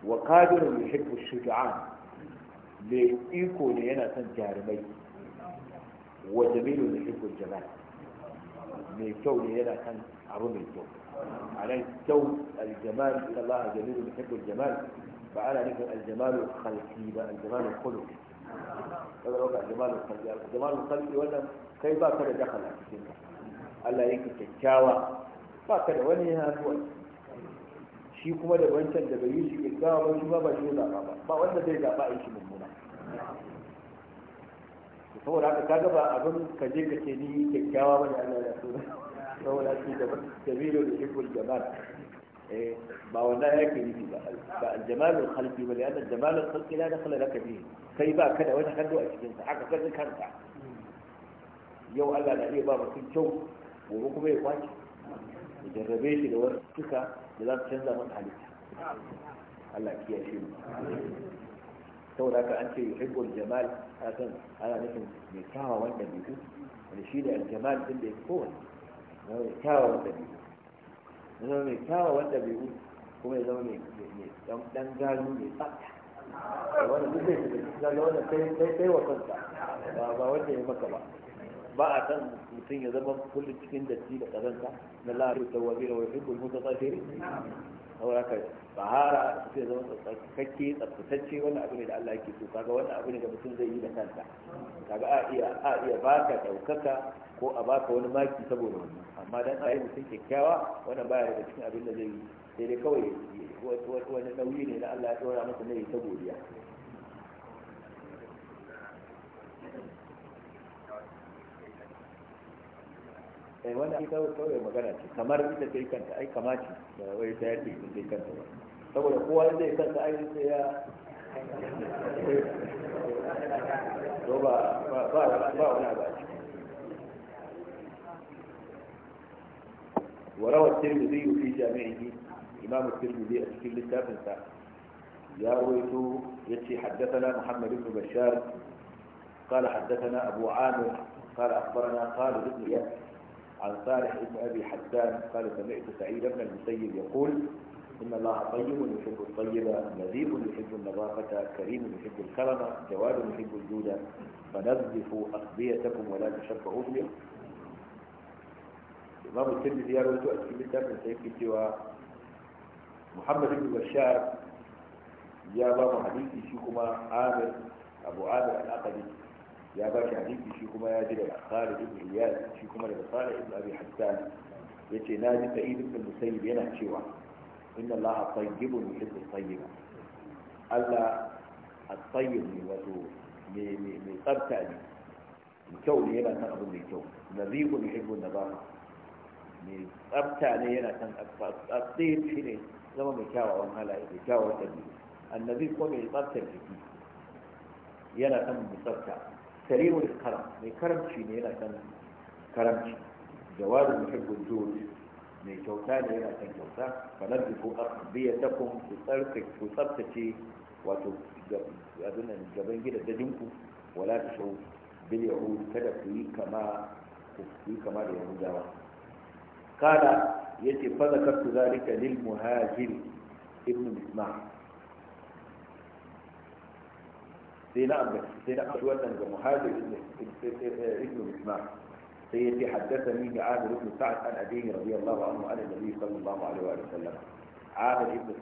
wa qadirun yuhibbu shuja'an mai iko ne yana san jarumai wa jamilun yuhibbul jamal mai kyau ne yana kan abu mai kyau a nan kyau aljamal ila Allah jamilu yuhibbu aljamal ba ana nufin aljamalu khalqi ba aljamalu khuluqi kada ka aljamalu khalqi aljamalu khalqi wannan kai ba ka da dakala cikin ka Allah yake kyakkyawa ba ka da wani hannu shi kuma da wancan da bai yi shi kyakkyawa ba shi ba ba shi zaba ba ba wanda zai zaba a yi shi mummuna saboda haka kaga ba abin ka je ka ce ni kyakkyawa bane Allah ya so saboda shi da jabilu da hibul jamal eh ba wanda yake ni ba ba aljamalul khalqi ba lian aljamalul khalqi la dakhala laka bihi kai ba ka da wani hannu a cikin sa haka kai kanka yau Allah na iya ba mutum kyau gobe kuma ya kwaci ya jarrabe shi da wasu suka da za su canza masa halitta Allah kiyaye shi saboda ka an ce yuhibbul jamal a san ana nufin mai kyawawan ɗabi'u Wani shi da aljamal din da ya fi kowane na mai kyawawan ɗabi'u na zama mai kyawawan ɗabi'u kuma ya zama mai ɗan gano mai tsafta wanda duk zai shiga ga wannan sai sai wa kansa ba ba wanda ya maka ba ba a kan mutum ya zama kullum cikin datti da ƙazanta na la'arutawa bai da wa yuhibbul mutatafirin sauraka ka bahara zama tsakakke tsaftatacce wannan abu ne da Allah yake so kaga wani abu ne da mutum zai yi da kanta kaga a iya a iya baka daukaka ko a baka wani maki saboda wannan amma dan ayi yi mutum kyakkyawa wannan baya daga cikin abin da zai yi sai dai kawai wani nauyi ne da Allah ya dora masa ne ta godiya eh wannan ita kawai magana ce kamar ita ce kanta ai kamaci da wai ta yake ita ce kanta ba saboda kowa zai kanta ai sai ya to ba ba ba ba wani abu وروى الترمذي في جامعه إمام الترمذي في كتاب يا رويت يتي حدثنا محمد بن بشار قال حدثنا أبو عامر قال أخبرنا خالد بن يأس عن صالح بن أبي حسان قال سمعت سعيد بن المسيب يقول إن الله طيب يحب الطيب نذيب يحب النظافة كريم يحب الكرم جواد يحب الجود فنظفوا أقضيتكم ولا تشبعوا بها الإمام الترمذي يروي تؤتي بالدم من سيف سوى محمد بن بشار يا بابا حديثي شيكما عامر أبو عامر الأقدي ya ba shi hadisi shi kuma ya ji daga Khalid ibn Iyad shi kuma daga Khalid ibn Abi Hassan yace na ji Sa'id ibn Musayyib yana cewa inna Allah tayyibun yuhibbu tayyiba Allah at-tayyib ne wato me me me tsafta ne mai kyau ne yana san abu mai kyau nazibun yuhibbu nazafa me tsafta ne yana san tsafta shi ne zama mai kyawawan halaye mai kyawawan dabi'u annabi ko mai tsaftar jiki yana san mai tsafta karimul karam mai karamci ne yana kan karamci jawabin muhibbul zuwa mai kyauta ne yana kan kyauta falar da biya ta kun ku wato gaban gidajen ku wala ta shau bil yahud kada ku yi kama ku yi kama da yahudawa kala yace fa zakartu zalika lil muhajir ibn sai na abu sai na abu wannan ga muhajir ibn isma'il sai yace haddathani da Amir ibn Sa'ad an abihi radiyallahu anhu an annabi sallallahu alaihi wa sallam Amir ibn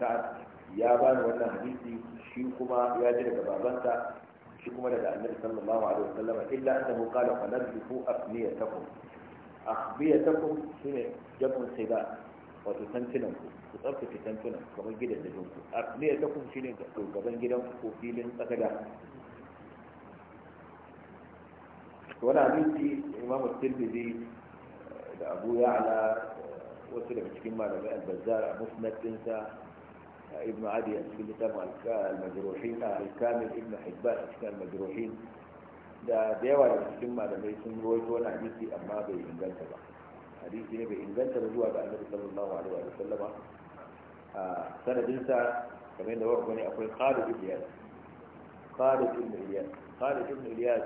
ya bani wannan hadisi shi kuma ya ji daga babansa shi kuma daga annabi sallallahu alaihi wa sallam illa annahu qala fanadhifu afniyatakum akhbiyatakum shine jamun siba wato tantunan ku ku tsarkake tantunan kamar gidan da ku gaban gidan ku ko filin tsakada وانا عندي امام الترمذي آه، ابو يعلى آه، وصل بشكل ما لقى البزار مسند تنسى آه، ابن عدي اسفل تبع المجروحين الكامل ابن حبان اسفل المجروحين ده ديوا على بشكل ما لما يسمى رويتو انا عندي اما بانجلتا حديث هنا بانجلتا رجوع بعد النبي صلى الله عليه وسلم سنة تنسى كمان لو اقول خالد ابن الياس خالد ابن الياس خالد ابن الياس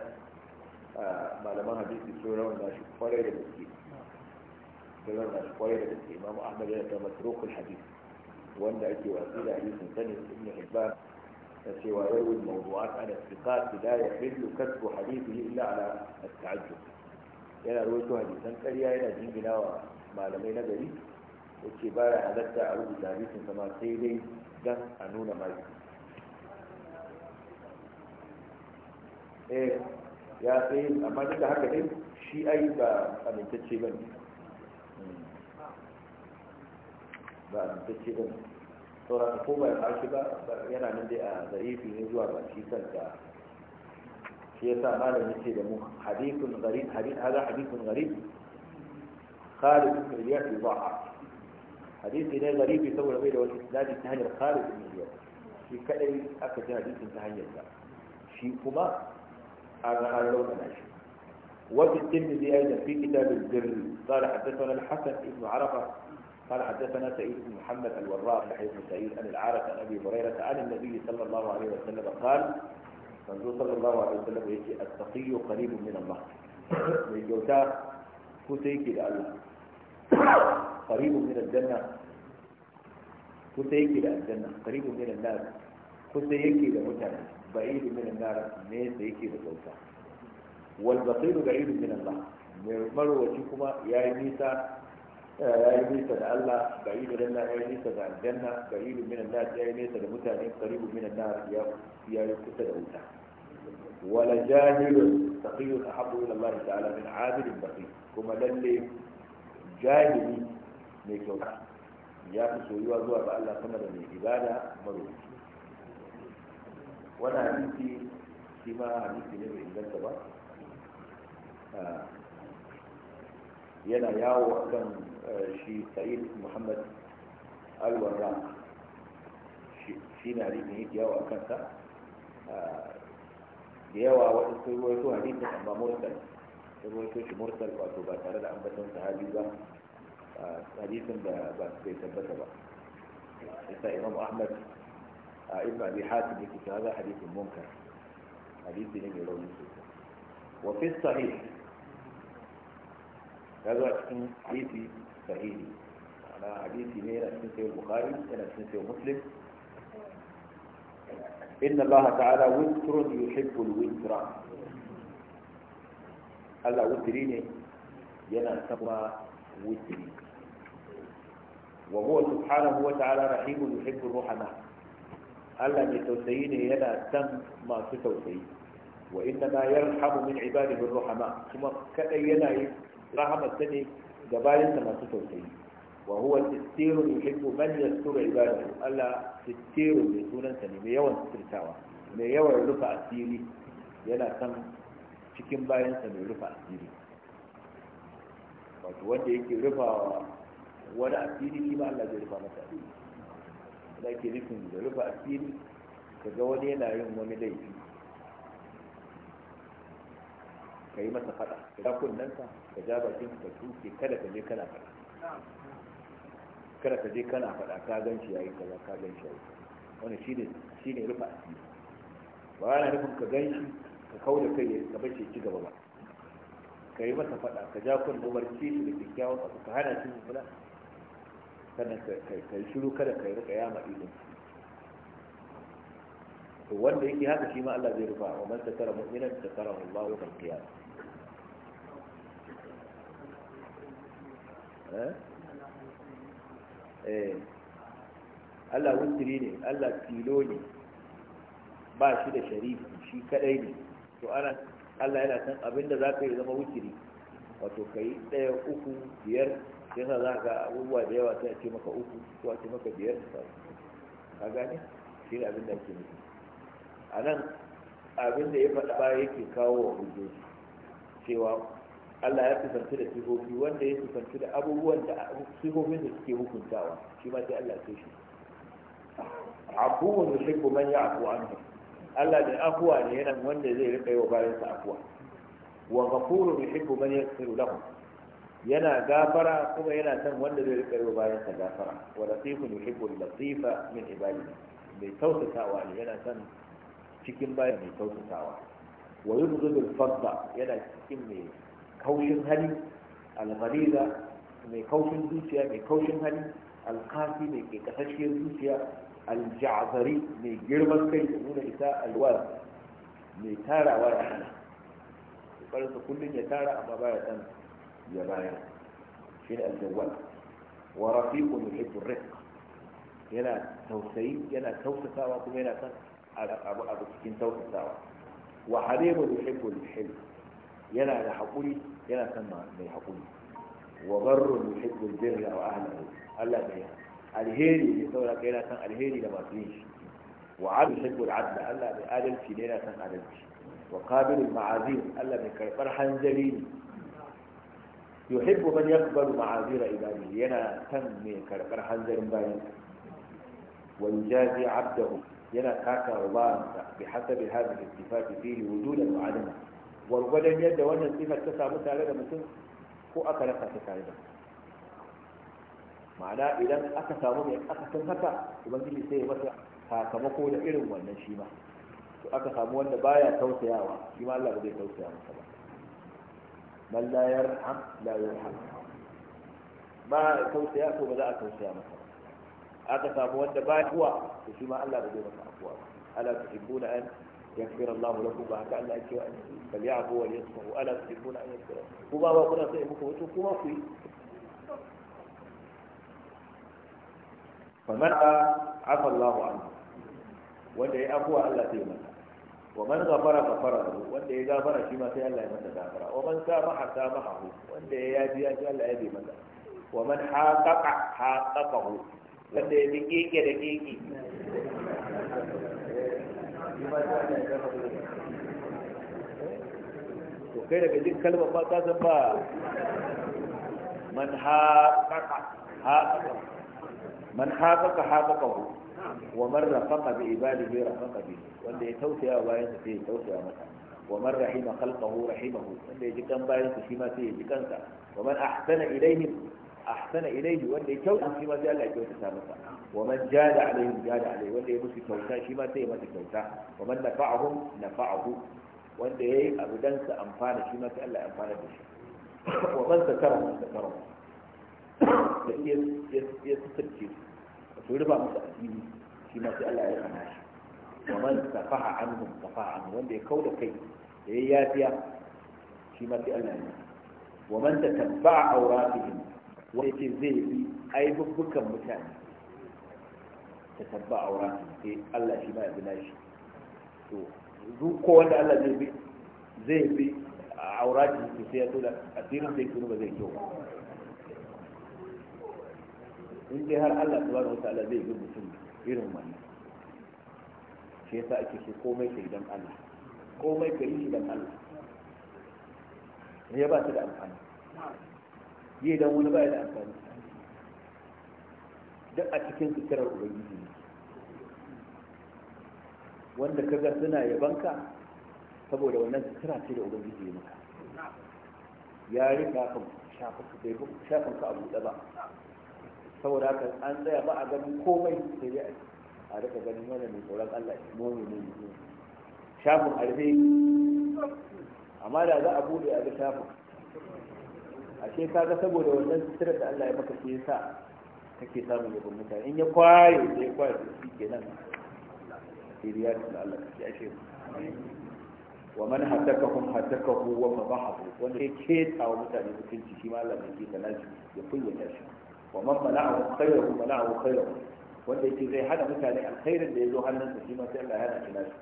malaman hadisi sun rauna shi kwarai da gaske sun rauna shi kwarai da gaske imamu ahmad yana ta matrukul hadisi wanda ake watsi da hadisin sanin ibn hibban na cewa yarwin mawdu'at ala istiqat la yahillu kasbu hadithihi illa ala at-ta'ajjub yana rawaito hadisan ƙarya yana jinginawa malamai na gari yace baya halatta a rubuta hadisin sama sai dai dan a nuna maki eh ya tsaye amma duk da haka dai shi ai ba amintacce ba ba amintacce ba saura ko ba ya fashi ba yana nan dai a zarifi ne zuwa ba shi kanta shi yasa malam yace da mu hadithun gharib hadith hada hadithun gharib Khalid ibn Iyad yudha'af hadisi ne gharibi saboda bai da wani isnadi ta hanyar Khalid ibn Iyad shi kadai aka ji hadithin ta hanyar sa shi kuma أن لونا وفي الترمذي أيضا في كتاب البر قال حدثنا الحسن بن عرفة قال حدثنا سعيد بن محمد الوراق لحي بن سعيد عن العارف عن أبي هريرة عن النبي صلى الله عليه وسلم قال منذ صلى الله عليه وسلم يجي التقي قريب من الله من جوتا كتيك الله قريب من الجنة كتيك الجنة قريب من الناس كتيك لمتنى ba'id min nar ne da yake da kauta wal basir ba'id min Allah mai marwaci kuma yayi nisa eh, yayi nisa da Allah ba'id min Allah yayi nisa da aljanna ba'id min Allah yayi nisa da mutane qarib min nar ya yayi kusa da wuta wala jahilun taqiyun ahabbu ila Allah ta'ala min 'abidin baqi kuma lalle jahili mai kyauta ya fi soyuwa zuwa ga Allah sama da mai ibada marwaci wani hadisi shi ma hadisi ne mai inganta ba ah, yana yawo a kan eh, shi sa'id muhammad alwara shi na hadisi ne yawo a kansa ah, da yawa wani sun ruwaito hadisin amma mursal sun ruwaito shi mursal wato ba tare da ambaton sahabi ba ah, hadisin da ba su bai tabbata ba isa imam ahmad ابن ابي حاتم في هذا حديث منكر حديث النبي صلى الله وفي الصحيح هذا حديث صحيح انا حديث مين في صحيح البخاري انا في صحيح مسلم ان الله تعالى وتر يحب الوتر هذا وتريني ينا سبا وتري وهو سبحانه وتعالى رحيم يحب الرحمه Allah mai tausayi ne yana san masu tausayi wa inna ma yarhamu min ibadihi ar kuma kadai yana yi rahama ta ne ga bayansa masu tausayi wa huwa tastiru yuhibbu man yasturu ibadahu Allah tastiru mai sunansa ne mai yawan sirtawa mai yawan rufa asiri yana san cikin bayansa mai rufa asiri wato wanda yake rufa wani asiri shi Allah zai rufa masa asiri da ake nufin da rufe asiri ka ga wani yana yin wani laifi ka yi masa fada ka ja kunnansa ka ja bakin ka tuke kada ka je kana fada kada ka je kana fada ka gan shi yayi kaza ka gan shi yayi wannan shine shine rufe asiri ba yana nufin ka gan shi ka kauda kai ka bace ci gaba ba ka yi masa fada ka ja kunnan barci da kyakkyawan abu ka hana shi fada kada ka yi shiru kada ka yi rika yama idon to wanda yake haka shi ma Allah zai rufa wa man satara mu'minan satara Allah wa qiyam eh? eh Allah wutiri ne Allah tilo ne ba shi da sharifi shi kadai ne to ana Allah yana san abinda zaka yi zama wutiri wato kai ɗaya uku biyar sai sa za ka abubuwa da yawa sai a ce maka uku ko a ce maka biyar da sauran ka gane shi ne abin da ake nufi a nan abin da ya faɗa baya yake kawo wa hujjoji cewa Allah ya kusanci da sihofi wanda ya kusanci da abubuwan da sihofin da suke hukuntawa shi ma sai Allah sai shi kuma ya man an anhu Allah da afuwa ne yana wanda zai rika yi wa bayansa afuwa wa ghafurun yuhibbu man yaghfiru lahu yana gafara kuma yana san wanda zai rika yi bayan sa gafara wa latifun yuhibbul latifa min ibadihi mai tausatawa ne yana san cikin bayan mai tausatawa wa al fadda yana cikin mai kaushin hali al-ghaliza mai kaushin zuciya mai kaushin hali al-qasi mai kekasashiyar zuciya al-ja'zari mai girman kai da nuna isa alwal mai tarawa da hana kokarin kullum ya tara amma baya san ya bayar shi ne aljawwal wa rafiqun yuhibbu rifq yana tausayi yana tausasawa kuma yana san abu abu cikin tausasawa wa halimun yuhibbu al-hilm yana da haƙuri yana mai haƙuri wa barrun yuhibbu al-birra wa alheri ne saboda kai yana san alheri da masu yin shi wa al-adla adalci yana san adalci wa qabilul ma'azir Allah bai karbar yuhibbu man yakbaru ma'azira ibadihi yana san mai karbar hanzarin bayan wa yujazi abdahu yana taka wa bayansa bi hasabi hadhihi ittifaqi fihi wujudan wa adama yadda wannan sifar ta samu tare da mutum ko aka rasa ta tare da ma'ana idan aka samu mai akasin haka ubangiji sai ya masa sakamako da irin wannan shi ma to aka samu wanda baya tausayawa shi ma Allah ba zai tausaya masa ba man la yarham la yarham ba tausaya ko ba za a tausaya masa aka samu wanda ba kuwa to shi ma Allah ba zai masa afuwa ba ala tuhibbuna an yaghfira Allahu lakum ba haka Allah yake wa bal ya'fu wa yasfahu ala tuhibbuna an yaghfira ku ba ba kuna sai yi a afa wanda ya Allah masa wa man gafara wanda ya gafara shi sai Allah ya masa gafara wa man samaha samaha hu wanda ya yafi ya sai Allah ya bi wanda ya da to kai daga jin kalmar ba ka san ba man haqaqa haqaqa man haqaqa haqaqahu wa man rafaqa bi ibadihi rafaqa bi wanda ya tausaya bayan sa sai ya tausaya masa wa man rahima khalqahu rahimahu wanda ya ji kan bayan sa shi ma sai ya ji kansa wa man ahsana ilaihim ahsana ilaihi wanda ya kyauta shi ma sai Allah ya kyautata masa wa man jada alaihim jada alaihi wanda ya musu kyauta shi ma sai ya masa kyauta wa man nafa'ahum nafa'ahu wanda yayi abu dan sa amfana shi ma sai Allah ya amfana da shi wa man satara satara da ya ya ya to rufa musu asiri shi ma sai Allah ya rufa nashi wa man safaha anhum safaha anhu wanda ya kauda kai da ya yafiya shi ma sai Allah ya wa man tatabba'a awratihim wanda yake zai bi aibubbukan mutane tatabba'a awratihim sai Allah shi ma ya bi nashi to duk ko wanda Allah zai bi zai bi aurati sai ya tura asirin sai kuma ba zai kyau in dai har Allah subhanahu ta'ala zai yi mutum irin wannan shi yasa ake shi komai kai dan Allah komai kai shi dan Allah ya ba shi da amfani yi dan wani ba da amfani duk a cikin sukirar ubangiji ne wanda ka ga suna yabanka saboda wannan sutura ce da ubangiji ya maka ya rika ka shafin ka abu ba saboda haka an tsaya ba a ganin komai sai dai a rika ganin wannan mai tsoron Allah ne mu ne ne shafin arfe amma da za a bude a ga shafin ashe ga saboda wannan sitirar da Allah ya maka sai yasa kake samun yabon mutane in ya kwaye sai ya kwaye shi kenan sai ya da Allah ya shi wa man hatakahum hatakahu wa fadahu wanda ya keta wa mutane mutunci shi ma Allah ke keta nashi ya kunyata shi wa man mana'ahu khayru mana'ahu khayru wanda yake zai hada mutane alkhairin da ya yazo hannunsa shi ma sai Allah ya hada shi nashi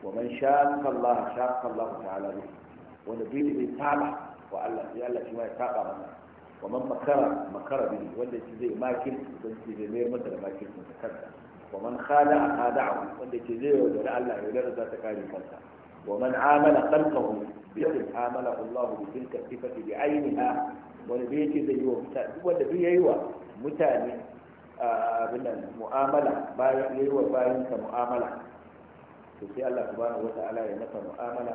wa man shaqqa Allah shaqqa Allah ta'ala bi wanda bi bi saba wa Allah sai Allah shi ma ya saba masa wa man makara makara bi wanda yake zai makin don shi zai mayar masa da makin sa kansa wa man khada khada'ahu wanda yake zai yaudara Allah ya yaudara za ta kare kansa wa man amala khalqahu bi amala Allah bi tilka sifati bi ainiha wani bai ce zai yi wa mutane wanda duk yi wa mutane abin nan mu'amala bayan yi wa bayan ka mu'amala to sai Allah subhanahu wata'ala ya masa mu'amala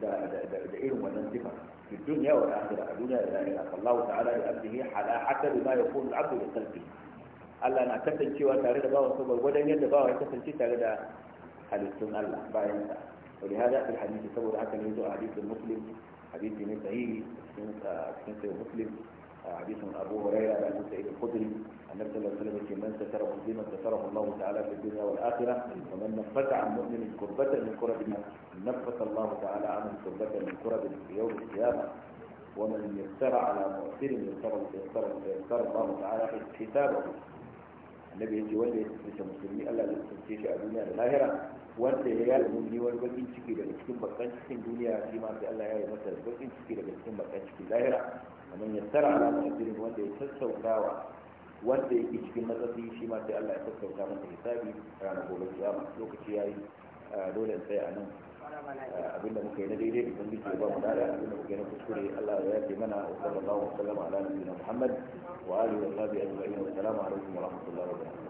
da da irin wannan sifa da lahira والآخرة ta'ala ya فالله hala hatta على حسب ما يكون العبد لخلقه Allah na kasancewa tare da bawan sa gwargwadon yadda bawa ya kasance tare da halittun Allah bayan sa ولهذا في الحديث سبب saboda haka حديث المسلم حديث من سعيد حديث سنة مسلم حديث من أبو هريرة عن أبو سعيد الخدري النبي صلى الله عليه وسلم من ستره مسلما ستره الله تعالى في الدنيا والآخرة ومن نفت عن مؤمن كربة من كرب نفت الله تعالى عنه كربة من كرب في يوم القيامة ومن يسر على مؤثر يسر يسر يسر الله تعالى حسابه النبي يجي وجه مسلمين ألا يستنتج الدنيا الاخره wanda ya yi mumini wani bakin ciki daga cikin bakan cikin duniya shi ma sai Allah ya yi masa bakin ciki daga cikin bakan cikin lahira kamar ya tara ala mu'ajirin wanda ya sassautawa wanda yake cikin matsatsi shi ma sai Allah ya sassauta masa hisabi ranar gobe kiyama lokaci yayi dole in tsaya a nan abinda muka yi na daidai idan muke ba mu dada abinda muka yi na kuskure Allah ya yafe mana wa sallallahu wa sallam ala nabiyina Muhammad wa alihi wa sahbihi ajma'in wa assalamu alaikum wa rahmatullahi wa barakatuh